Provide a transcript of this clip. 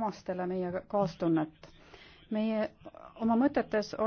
omastele meie kaastunnet. meie oma mõtetes